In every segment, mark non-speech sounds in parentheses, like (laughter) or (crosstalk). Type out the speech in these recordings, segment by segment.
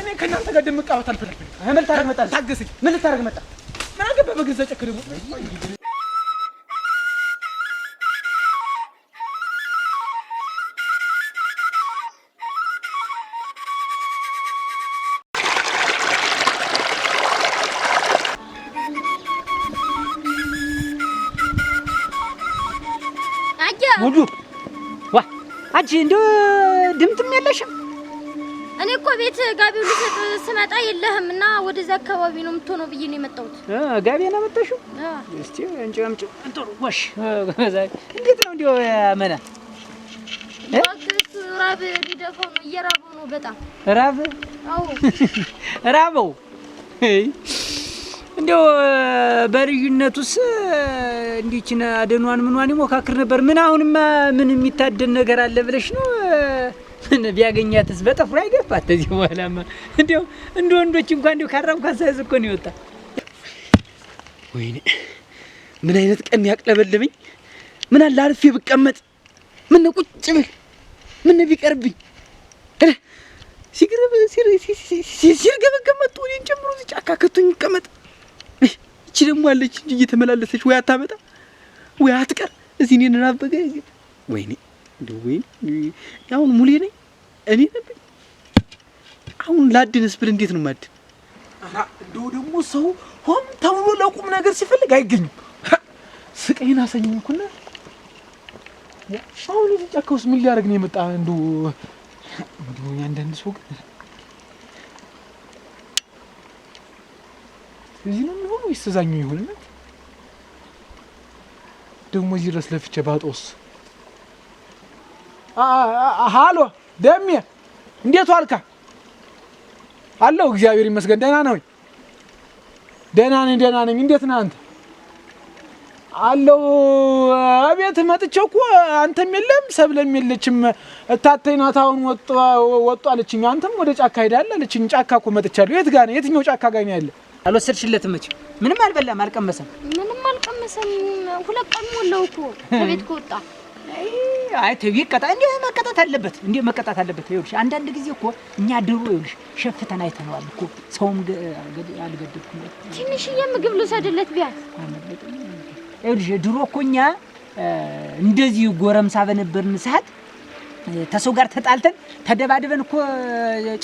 እኔ ከእናንተ ጋር ደምቅ ጫወት አልፈለግም። ምን ልታረግ መጣ? ታገሰኝ። ምን ልታረግ መጣ? ምን አገባ በገዛ ጨክ ደግሞ ሙሉ ዋ አንቺ እንደ ድምፅም የለሽም ቤት ጋቢው ልሰጥ ስመጣ የለህም እና ወደዛ አካባቢ ነው የምትሆነው ብዬ ነው የመጣሁት። ጋቢ ነው የመጣሽው? እስቲ እንጭ አምጪ። ጥሩ ወሽ እንዴት ነው እንዲሁ መና ራብ ሊደፋው ነው። እየራበው ነው በጣም ራብ። አዎ (laughs) ራበው። እንዲያው በልዩነቱስ እንዲችን አደኗን ምኗን ይሞካክር ነበር። ምን አሁንማ ምን የሚታደን ነገር አለ ብለሽ ነው ምን ቢያገኛትስ በጠፍሮ አይገፋት። እዚህ በኋላማ እንዲያው እንደ ወንዶች እንኳን እንዲያው ካራምኳን ሳይዝ እኮ ነው ይወጣ። ወይኔ ምን አይነት ቀን ያቅለበልብኝ። ምን አለ አርፌ ብቀመጥ፣ ምን ነው ቁጭ ብል፣ ምን ነው ቢቀርብኝ። ሲግረብ ሲርገበገብ መጥቶ እኔን ጨምሮ እዚህ ጫካ ከቶኝ ይቀመጥ። እቺ ደግሞ አለች እንጂ እየተመላለሰች ወይ አታመጣ ወይ አትቀር። እዚህ እኔን ናበገ። ወይኔ ወይ አሁን ሙሌ ነኝ እኔ ነብ አሁን ላድንስ ብል እንዴት ነው ማድ ኧረ እንደው ደግሞ ሰው ሆም ተብሎ ለቁም ነገር ሲፈልግ አይገኝም። ስቀይን አሰኝም እኮና አሁን እዚህ ጫካ ውስጥ ምን ሊያደርግ ነው የመጣ? እንደው እንደው ያንዳንድ ሰው ግን እዚህ ነው የሚሆነው ወይስ እዛኛው ይሆንና ደግሞ እዚህ ድረስ ለፍቼ ባጦስ ሀሎ ደሜ እንዴት ዋልካ? አለሁ እግዚአብሔር ይመስገን ደህና ነው። ደህና ነኝ ደህና ነኝ። እንዴት ነህ አንተ? አለሁ እቤት መጥቼ እኮ አንተም የለም ሰብለም የለችም። እታተኝ ናት አሁን ወጡ አለችኝ። አንተም ወደ ጫካ ሄዳለ አለችኝ። ጫካ እኮ መጥቻለሁ። የት ጋር ነህ? የትኛው ጫካ ጋር ነው ያለ? አልወሰድሽለትም መቼም ምንም አልበላም፣ አልቀመሰም፣ ምንም አልቀመሰም። ሁለት ቀን ሞላው እኮ ከቤት ከወጣ አይ ተቢ ይቀጣ እንዴ መቀጣት አለበት እንዴ መቀጣት አለበት። ይኸውልሽ አንዳንድ ጊዜ እኮ እኛ ድሮ ይኸውልሽ ሸፍተን አይተነዋል እኮ ሰውም አልገደልኩም። ትንሽዬ ምግብ ልውሰድለት ቢያንስ ይኸውልሽ ድሮ እኮ እኛ እንደዚህ ጎረምሳ በነበርን ሰዓት ተሰው ጋር ተጣልተን ተደባድበን እኮ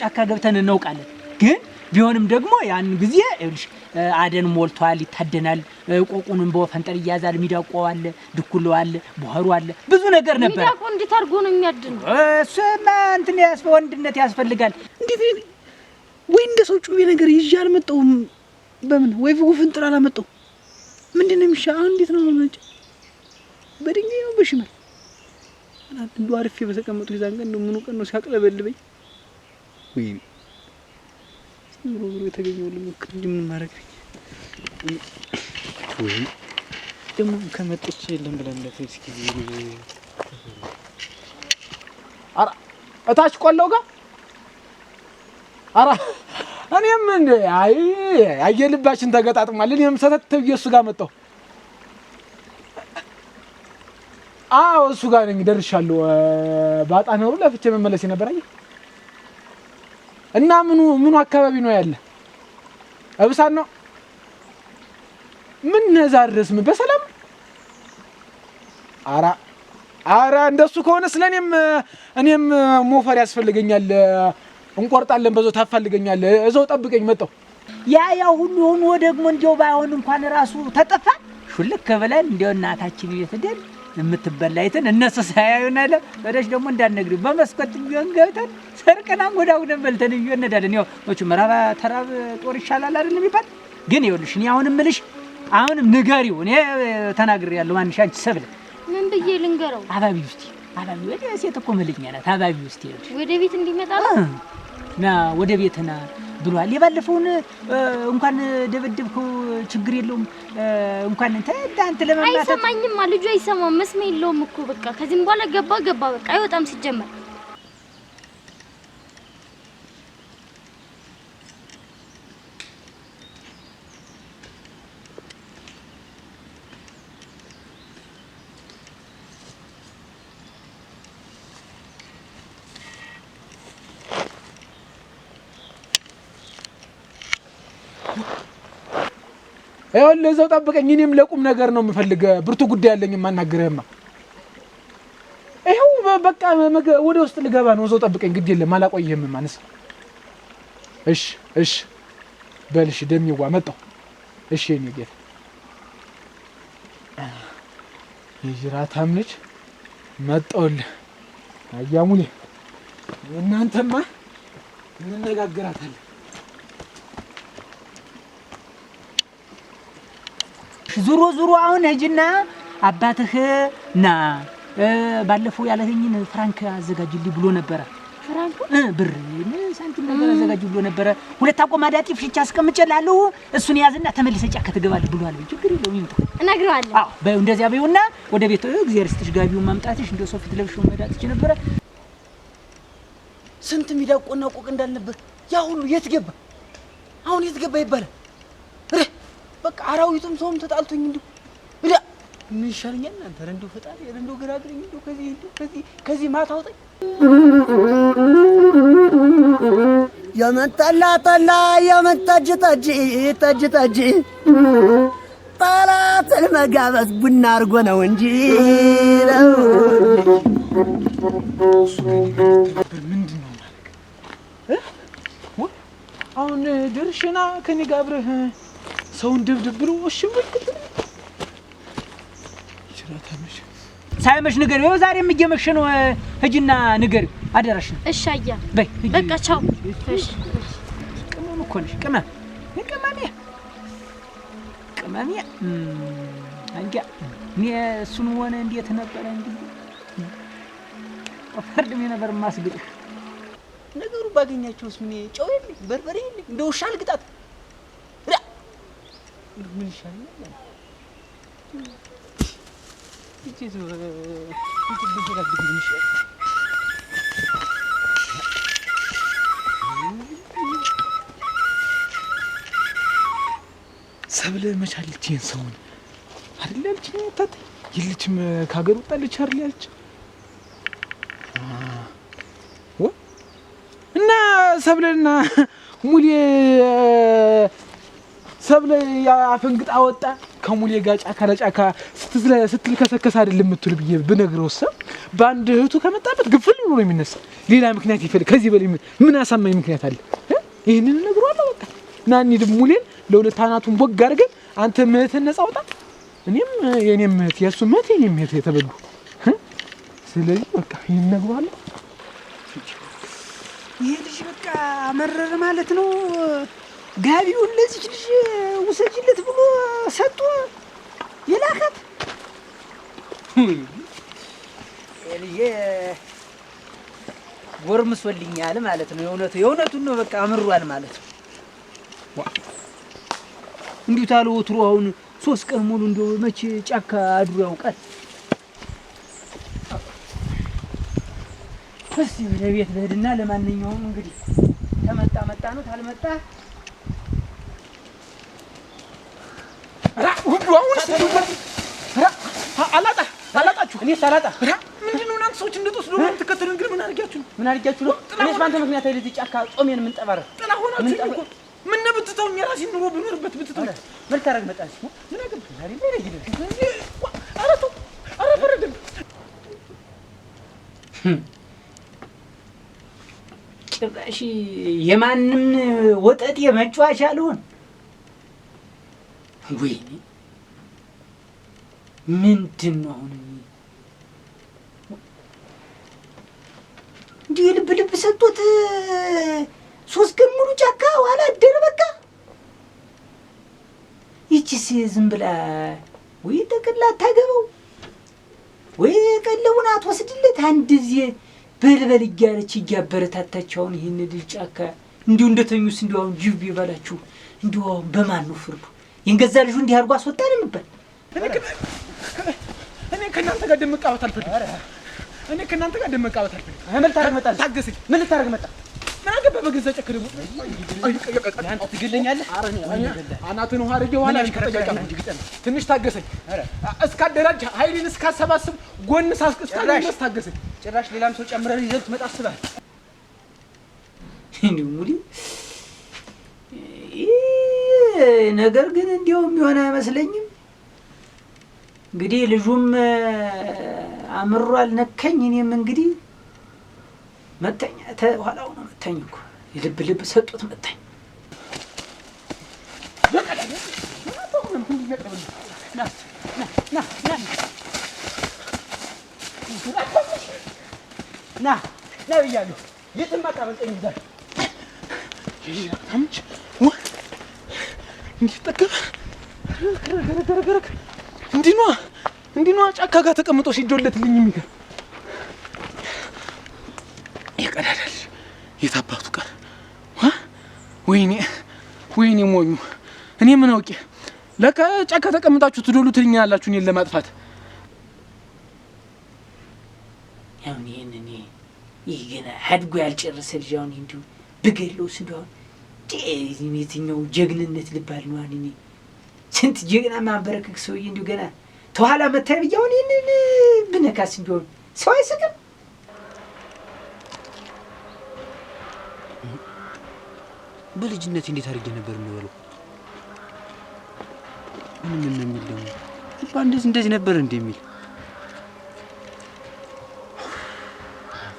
ጫካ ገብተን እናውቃለን ግን ቢሆንም ደግሞ ያን ጊዜ ይኸውልሽ አደን ሞልቷል፣ ይታደናል። ቆቁንም በወፈንጠር እያዛል። ሚዳቆ አለ፣ ድኩሎ አለ፣ ቧሩ አለ፣ ብዙ ነገር ነበር። ሚዳቆ እንዴት አድርጎ ነው የሚያድን? እሱማ እንትን ወንድነት ያስፈልጋል። እንዴት ወይ እንደ ሰው ጩቤ ነገር ይዤ አልመጣሁም። በምን ወይ ወፈንጠር አላመጣሁም። ምንድን ነው የሚሻ? እንዴት ነው ነጭ በድንጋይ ነው በሽመል እንዱ አርፌ በተቀመጡ ይዛን ቀን ምኑ ቀን ነው ሲያቅለበልበኝ ወይ ዞሮ ዞሮ የተገኘው ልሞክር እንጂ ምን ማድረግ ወይም ደግሞ ከመጠች የለም ብለለት እስኪ እታች ቆለው ጋር አራ እኔም እንደ አይ አየህ ልባችን ተገጣጥሟል። እኔም ሰተት ብዬ እሱ ጋር መጣሁ። አዎ እሱ ጋር ነኝ፣ ደርሻለሁ። ባጣ ነው ለፍቼ መመለስ የነበረ አየህ እና ምኑ ምኑ አካባቢ ነው ያለ? እብሳት ነው። ምን ነዛ ድረስ ምን በሰላም አራ አራ። እንደሱ ከሆነ ስለ እኔም እኔም ሞፈር ያስፈልገኛል። እንቆርጣለን በዛው ታፈልገኛል። እዛው ጠብቀኝ መጣው ያ ያ ሁሉ ሆኖ ደግሞ እንዲያው ባይሆን እንኳን ራሱ ተጠፋ ሹልክ ከበለን እንዲያው እናታችን ቤት የምትበላይትን እነሱ ሳያዩ ናለ በደሽ ደግሞ እንዳንነግዱ በመስኮት ቢሆን ገብተን ሰርቀና ጎዳ በልተን እዩ እንዳለን። ያው ወቹ መራባ ተራብ ጦር ይሻላል አይደል የሚባል ግን ይኸውልሽ፣ እኔ አሁንም እልሽ አሁንም ንገሪው። እኔ ተናግሬ ያለው ማንሽ አንቺ ሰብለ ምን ብዬ ልንገረው? አባቢ ውስጥ አባቢ ወደ ሴት እኮ መልኛ ናት። አባቢ ውስጥ ወደ ቤት እንዲመጣ ና፣ ወደ ቤት ብሏል። የባለፈውን እንኳን ደበደብከው ችግር የለውም እንኳን እንተ አንተ ለማማታት አይሰማኝማ። ልጁ አይሰማም፣ መስሜ የለውም እኮ በቃ ከዚህም በኋላ ገባ ገባ በቃ አይወጣም ሲጀመር ይኸውልህ እዛው ጠብቀኝ። እኔም ለቁም ነገር ነው የምፈልግህ። ብርቱ ጉዳይ ያለኝ የማናግርህማ። ይኸው በቃ ወደ ውስጥ ልገባ ነው። እዛው ጠብቀኝ፣ ግድ የለም አላቆይህም። ማንስ እሽ፣ እሽ በልሽ። ደሚዋ መጣሁ። እሺ የእኔ ጌታ የጅራታም ልጅ መጣሁልህ። አያሙሌ እናንተማ እንነጋገራታለን ዙሮ ዙሮ አሁን ሂጂና አባትህ ና ባለፈው ያለኝን ፍራንክ አዘጋጅልኝ ብሎ ነበረ። ፍራንክ ብር ሳንቲም ነገር አዘጋጅ ብሎ ነበረ። ሁለት አቆማ ጤፍ ፍሽቻ አስቀምጬልሃለሁ እሱን ያዝና ተመልሰህ ጫካ ትገባለህ ብሏል። ችግር የለውም ይምጣ፣ እነግረዋለሁ። አዎ በይው፣ እንደዚያ በይውና ወደ ቤት እግዚአብሔር ይስጥሽ። ጋቢውን ማምጣትሽ እንደ ሰው ፊት ለብሼው መዳጥሽ ነበረ። ስንት ሚዳቆና ቆቅ እንዳልነበር ያ ሁሉ የት ገባ? አሁን የት ገባ ይባላል በቃ አራዊቱም ሰውም ተጣልቶኝ እንዲሁ ብላ ምን ይሻለኛል? እናንተ ረንዶ ፈጣሪ ረንዶ ገራግረኝ እንዲሁ ከዚህ እንዲሁ ከዚህ ከዚህ ማታ አውጠኝ የመጠላ ጠላ የመጠጅ ጠጅ ጠጅ ጠጅ ጠላትን መጋበዝ ቡና አድርጎ ነው እንጂ ነው። ምንድን ነው አሁን ድርሽና ከኔ ጋር አብረህ ሰውን ድብድብ ብሎ እሺ ሳይመሽ ንገር። ይኸው ዛሬ እየመሸ ነው። ሂጂና ንገር አደራሽ ነው። እሺ አያ በይ በቃ ቻው። እሺ ቅመም እኮ ነሽ ቅመም ቅመሜ ቅመሜ አንጃ እኔ እሱን ሆነ እንዴት ነበረ እንግዲህ ፈርድሜ ነበር ማስግጥ ነገሩ ባገኛቸውስ ምን ጨው የለኝ በርበሬ የለኝ እንደ ውሻ ልግጣት ምን ይሻለኛል? ሰብለ መቻለች ይህን ሰውን አይደል ያለችኝ? ታት የለችም ከሀገር ወጣለች አይደል ያለች እና ሰብለና ሙሌ ሰብለ አፈንግጣ ወጣ ከሙሌ ጋር ጫካ ለጫካ ስትልከሰከስ አይደል የምትውል ብዬ ብነግረው ሰብ በአንድ እህቱ ከመጣበት ግፍል ብሎ ነው የሚነሳ። ሌላ ምክንያት ይፈልግ። ከዚህ በላይ ምን አሳማኝ ምክንያት አለ? ይህንን እነግረዋለሁ። በቃ ና እንሂድ። ሙሌን ለሁለት አናቱን ቦግ አድርገን አንተ ምህትህን ነጻ ወጣ፣ እኔም የእኔም ምህት የእሱ ምህት የእኔም ምህት የተበሉ ስለዚህ በቃ ይህን እነግረዋለሁ። ይሄ ልጅ በቃ መረር ማለት ነው ጋቢውን ለዚች ልጅ ውሰጅለት ብሎ ሰጡ የላከት ልዬ ጎርምሶልኛል ማለት ነው። የእውነቱ የእውነቱን ነው። በቃ አምሯል ማለት ነው። እንዲሁ ታለ ወትሮ አሁን ሶስት ቀን ሙሉ እንደ መቼ ጫካ አድሮ ያውቃል። እስኪ ወደ ቤት ልሂድና ለማንኛውም እንግዲህ ተመጣ መጣ ነው ታልመጣ እንደው አሁን አላጣ አላጣችሁ እኔ ሳላጣ ምንድን ነው እናንተ ሰዎች እንደተወስዶ የምትከተሉን ግን ምን አድርጊያችሁ ነው? ምን አድርጊያችሁ ነው? እኔስ በአንተ ምክንያት አይደል እዚህ ጫካ ጾሜን የምንጠባረር ጥላ ሆናችሁ እኮ ምነው የራሴን ኑሮ ብኖርበት ብትተውኝ ምን ታደርግ መጣች ምን አገባህ ጭራሽ የማንም ወጠጤ መጫወቻ አልሆን ወይ ምንድን ነው አሁን? እንዲህ የልብ ልብ ሰጥቶት ሶስት ቀን ሙሉ ጫካ ኋላ አደረ። በቃ ይቺስ ዝም ብላ ወይ ጠቅላ አታገባው ወይ ቀለቡን አትወስድለት። አንድ ጊዜ በልበል እያለች እያበረታታች ይህን ልጅ ጫካ እንዲሁ እንደተኙስ እንዲሁ አሁን ጅብ ይበላችሁ እንዲሁ አሁን በማን ነው ፍርዱ? የእንገዛ ልጁ እንዲህ አድርጎ አስወጣን የምባል እኔ ከእናንተ ጋር ደም ደመቃወት አልፈልግም። እኔ ከእናንተ ጋር ደም ደመቃወት አልፈልግም። ምን ልታደርግ መጣ? ታገሰኝ። ምን ልታደርግ መጣ? ምን አገባ? በገዛ ጨክ ደግሞ ትገለኛለህ። አናትህን ውሃ አድርጌ ኋላ ትንሽ ታገሰኝ። እስካደራጅ ኃይሌን እስካሰባስብ ጎን ሳስቅስ ታገሰኝ። ጭራሽ ሌላም ሰው ጨምረህ ይዘህ ትመጣ አስበሃል? እንዲሁ ሙሊ ነገር ግን እንዲያውም የሆነ አይመስለኝም እንግዲህ ልጁም አምሯል ነካኝ። እኔም እንግዲህ መታኝ፣ ተኋላው ነው መታኝ እኮ ልብ ልብ ሰጡት መታኝ። ና ና ብያለሁ፣ የትም አታመልጠኝም። ዛሬ እንዲህ ጠገበ ረግ ረግ ረግ እንዲኗ እንዲኗ ጫካ ጋር ተቀምጦ ሲዶለትልኝ የሚገርም ይቀዳዳል። የታባቱ ቀር ወይኔ ወይኔ ሞኙ እኔ ምን አውቄ ለካ ጫካ ተቀምጣችሁ ትዶሉ ትልኛ ያላችሁ እኔን ለማጥፋት ያሁን ይህን እኔ ይህ ገና አድጎ ያልጨረሰ ልጅ አሁን እንዲሁ ብገለው ስንዱ አሁን የትኛው ጀግንነት ልባል ነዋን እኔ ስንት ጀግና ማንበረከክ ሰውዬ እንዲሁ ገና ተኋላ መታይ ብያውን ይህንን ብነካስ እንዲሆን ሰው አይስቅም። በልጅነት እንዴት አድርጌ ነበር የምበለው? ምንም ምን ነው የሚል ደግሞ እንደዚህ እንደዚህ ነበር እንደሚል?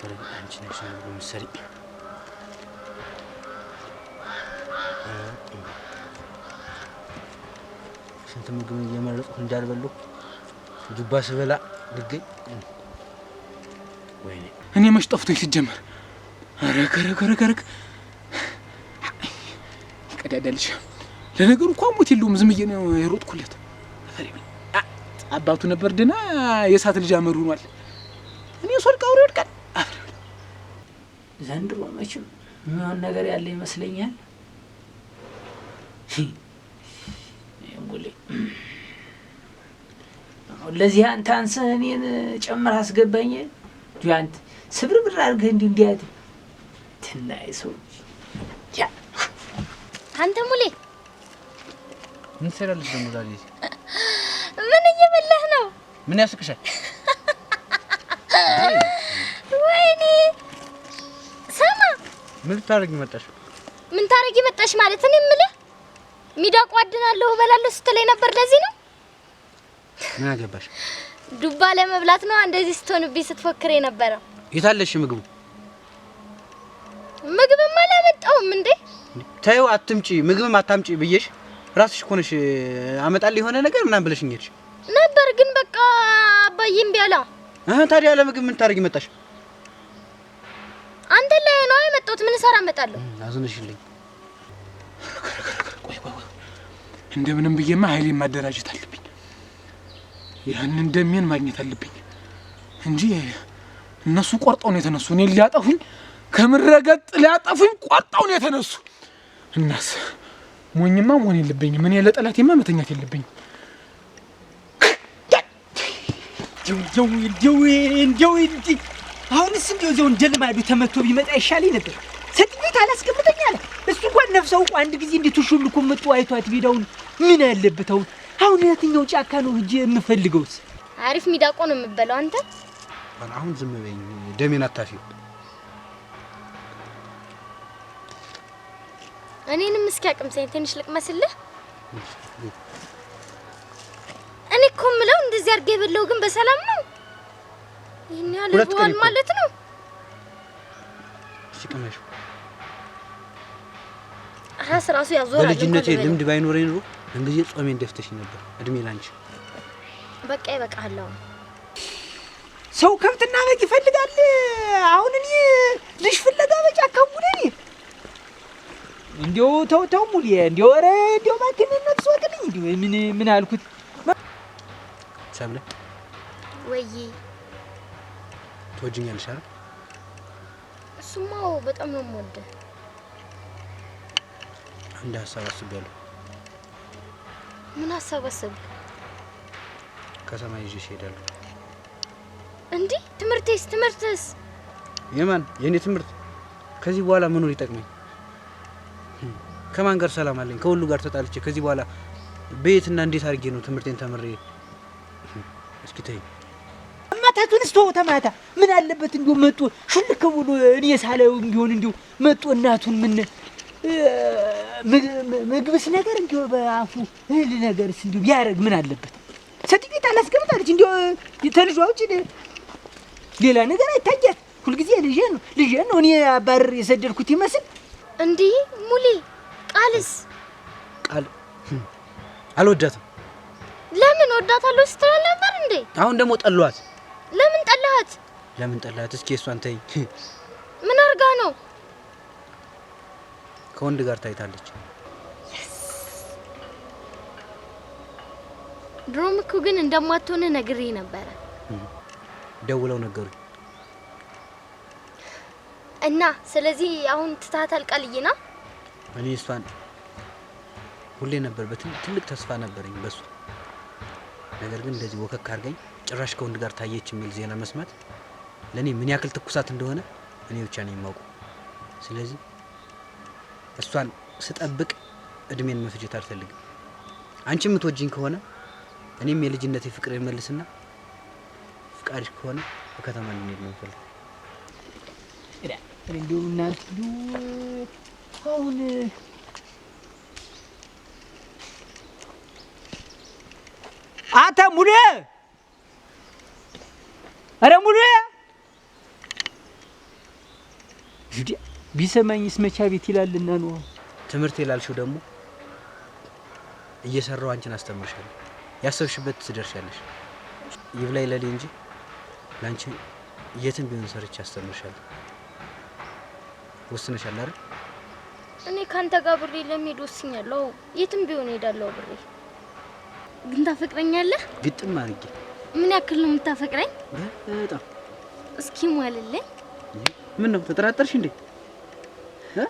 የሚል አንቺ ነሽ ምሰሪ ስንት ምግብ እየመረጥኩ እንዳልበሉ ጁባ ስበላ ልገኝ። ወይኔ እኔ መች ጠፍቶኝ ሲጀመር። አረግ አረግ ለነገሩ እኳ ሞት የለውም። ዝም ብዬ ነው የሮጥኩለት። አባቱ ነበር ደህና የእሳት ልጅ አመድ ሆኗል። እኔ ሶልቃ አውሬ ወድቀን ዘንድሮ መቼም የሚሆን ነገር ያለ ይመስለኛል። አድርጉልኝ። ለዚህ አንተ አንስህ እኔን ጨምር አስገባኝ። ጁያንት ስብር ብር አድርገህ እንዲ እንዲያት ትናይ ሰው አንተ ሙሌ ምን ትሰራለች ደግሞ ዛሬ? ምን እየበላህ ነው? ምን ያስቅሻል? (laughs) ወይኔ ሰማ ምን ታረጊ መጣሽ? ምን ታረጊ መጣሽ ማለት እኔ የምልህ ሚዳቋ አድናለሁ እበላለሁ ስትለኝ ነበር። ለዚህ ነው ምን አገባሽ? ዱባ ለመብላት ነው እንደዚህ ስትሆንብኝ ስትፎክር የነበረው። የታለሽ ምግቡ? ምግብም አላመጣውም እንዴ። ተይው፣ አትምጪ፣ ምግብም አታምጪ ብዬሽ ራስሽ እኮ ነሽ አመጣልህ የሆነ ነገር ምናምን ብለሽኝ ሄድሽ ነበር። ግን በቃ አባዬ ቢያላ አሁን አህ ታዲያ ለምግብ ምን ታደርጊ መጣሽ? አንተ ላይ ነው የመጣሁት። ምን ሰራ እመጣለሁ? አዝነሽልኝ እንደምንም ብዬማ ኃይሌን ማደራጀት አለብኝ። ያንን ደሜን ማግኘት አለብኝ እንጂ እነሱ ቆርጠው ነው የተነሱ። እኔ ሊያጠፉኝ ከምረገጥ ሊያጠፉኝ ቆርጠው ነው የተነሱ። እናስ ሞኝማ መሆን የለብኝም እኔ ለጠላቴማ መተኛት የለብኝም። እንደው እንደው እንደው አሁንስ እንዲ እንደው እንደ ልማዱ ተመቶ ቢመጣ ይሻለኝ ነበር። ቤት አላስቀምጠኝ አለ። እሱ እንኳን ነፍሰው አንድ ጊዜ እንዲህ ትሹልኩ ምጡ አይቷት ቢዳውን ምን አለበት አሁን አሁን የትኛው ጫካ ነው ሂጅ የምፈልገውስ? አሪፍ ሚዳቆ ነው የምበለው። አንተ አሁን ዝም በይኝ፣ ደሜን አታፊው። እኔንም እስኪ አቅምሰኝ ትንሽ ልቅመስልህ። እኔ እኮ የምለው እንደዚህ አድርጌ የበላው ግን በሰላም ነው? ይህን ያህል ማለት ነው። እሺ ቅመሽው ራስ ራሱ ያዞራል። በልጅነቴ ልምድ ባይኖረኝ ኑሮ እንግዲህ ጾሜን ደፍተሽኝ ነበር። እድሜ ላንቺ። በቃ ይበቃሃል። ሰው ከብትና በግ ይፈልጋል። አሁን እኔ ልጅ ፍለጋ በጫካ ሙሌ እንዲያው ተው ተው ሙሌ እንዲያው ኧረ እንዲያው እባክህ ነፍስ ወቅልኝ። እንዲያው ምን ምን አልኩት ሰብለ ትወጂኛለሽ አይደል? እሱማ በጣም ነው የምወደው እንደ ሀሳብ ምን ሀሳብ አሰብክ? ከተማ ይዤ እሄዳለሁ። እንዲህ ትምህርቴስ ትምህርትስ? የማን የእኔ ትምህርት? ከዚህ በኋላ መኖር ይጠቅመኝ? ከማን ጋር ሰላም አለኝ? ከሁሉ ጋር ተጣልቼ ከዚህ በኋላ በየትና እንዴት አድርጌ ነው ትምህርቴን ተምሬ? እስኪ ተይ ማታቱን ስቶ ተማታ ምን አለበት እንዲሁ መጡ ሽልክ ብሎ እኔ ሳላየው ቢሆን እንዲሁ መጡ እናቱን ምን ምግብስ ነገር እንዲ በአፉ እህል ነገርስ እንዲ ቢያደርግ ምን አለበት? ሰጥ ቤት አላስቀምጣለች እንዲ ተልጇ ውጭ ሌላ ነገር አይታያት። ሁልጊዜ ልጄ ነው ልጄ ነው እኔ አባር የሰደድኩት ይመስል እንዲህ ሙሌ ቃልስ ቃል አልወዳትም። ለምን ወዳታለሁ ስትል ነበር እንዴ? አሁን ደግሞ ጠሏት። ለምን ጠላሃት? ለምን ጠላሃት? እስኪ እሷን ተይኝ። ምን አርጋ ነው ከወንድ ጋር ታይታለች። ድሮም እኮ ግን እንደማትሆን ነግሬ ነበረ። ደውለው ነገሩኝ እና ስለዚህ አሁን ትታታል ነው እኔ እሷን ሁሌ ነበር በትልቅ ተስፋ ነበረኝ በሱ ነገር ግን እንደዚህ ወከክ አድርገኝ ጭራሽ ከወንድ ጋር ታየች የሚል ዜና መስማት ለእኔ ምን ያክል ትኩሳት እንደሆነ እኔ ብቻ ነው የማውቀው። ስለዚህ እሷን ስጠብቅ እድሜን መፍጀት አልፈልግም። አንቺ የምትወጂኝ ከሆነ እኔም የልጅነት ፍቅር መልስና ፍቃድሽ ከሆነ በከተማ እንድንሄድ ነው የምፈልግ። እንዲሁ እናንተ አሁን አንተ ሙሉ ኧረ ሙሉ ቢሰማኝ ስመቻ ቤት ይላልና ነው። ትምህርት ይላልሽው ደግሞ እየሰራው አንቺን አስተምርሻለሁ። ያሰብሽበት ትደርሻለሽ። ይብላኝ ለኔ እንጂ ላንቺ የትን ቢሆን ሰርች አስተምርሻለሁ። ወስነሻል አይደል? እኔ ካንተ ጋር ብሬ ለሚሄድ ወስኛለሁ። የትም ቢሆን ሄዳለሁ ብሬ። ግን ታፈቅረኛለህ? ግጥም አድርጌ። ምን ያክል ነው የምታፈቅረኝ? በጣም እስኪ ማለልኝ። ምን ነው ተጠራጠርሽ እንዴ? Huh?